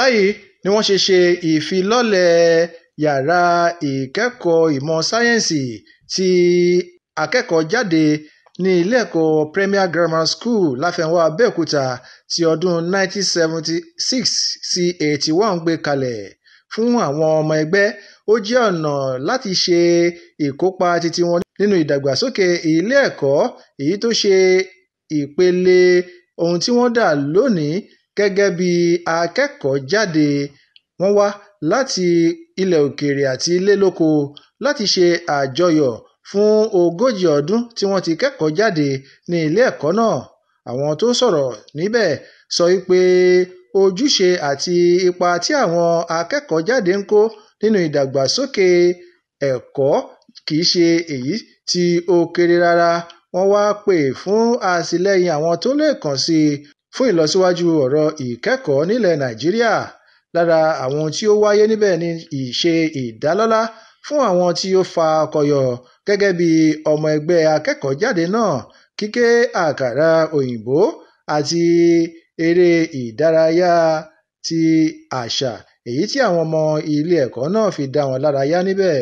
Báyìí ni wọ́n ṣe ṣe ìfilọ́lẹ̀ yàrá ìkẹ́kọ̀ọ́ ìmọ̀ sáyẹ́ǹsì ti akẹ́kọ̀ọ́-jáde ní ilé-ẹ̀kọ́ Premier Grammar School Láfẹnwá Abẹ́òkúta tí ọdún 1976 sí 81 gbé kalẹ̀ fún àwọn ọmọ ẹgbẹ́. Ó jẹ́ ọ̀nà láti ṣe ìkópa titi wọn nínú ìdàgbàsókè ilé-ẹ̀kọ́ èyí tó ṣe ìpele ohun tí wọ́n dà lónìí Gẹ́gẹ́ bí akẹ́kọ̀ọ́-jáde, wọ́n wá láti ilẹ̀ òkèèrè àti ilé lóko láti ṣe àjọyọ̀ fún ogójì ọdún tí wọ́n ti kẹ́kọ̀ọ́ jáde ní ilé-ẹ̀kọ́ náà. Àwọn tó sọ̀rọ̀ níbẹ̀ sọ wípé ojúṣe àti ipa tí àwọn akẹ́kọ̀ọ́-jáde ń kó nínú ìdàgbàsókè ẹ̀kọ́ kìí ṣe èyí tí ó kéré rárá. Wọ́n wá pè fún àtìlẹ́yìn àwọn tó lè kàn sí i. Fún ìlọsíwájú ọ̀rọ̀ ìkẹ́kọ̀ọ́ nílẹ̀ Nàìjíríà, lára àwọn ohun tí ó wáyé níbẹ̀ ni ìṣe ìdálọ́lá fún àwọn tí ó fakọyọ gẹ́gẹ́ bí ọmọ ẹgbẹ́ akẹ́kọ̀ọ́jáde náà, kíké àkàrà òyìnbó àti eré ìdárayá ti àṣà èyí tí àwọn ọmọ ilé-ẹ̀kọ́ náà fi dá wọn lárayá níbẹ̀.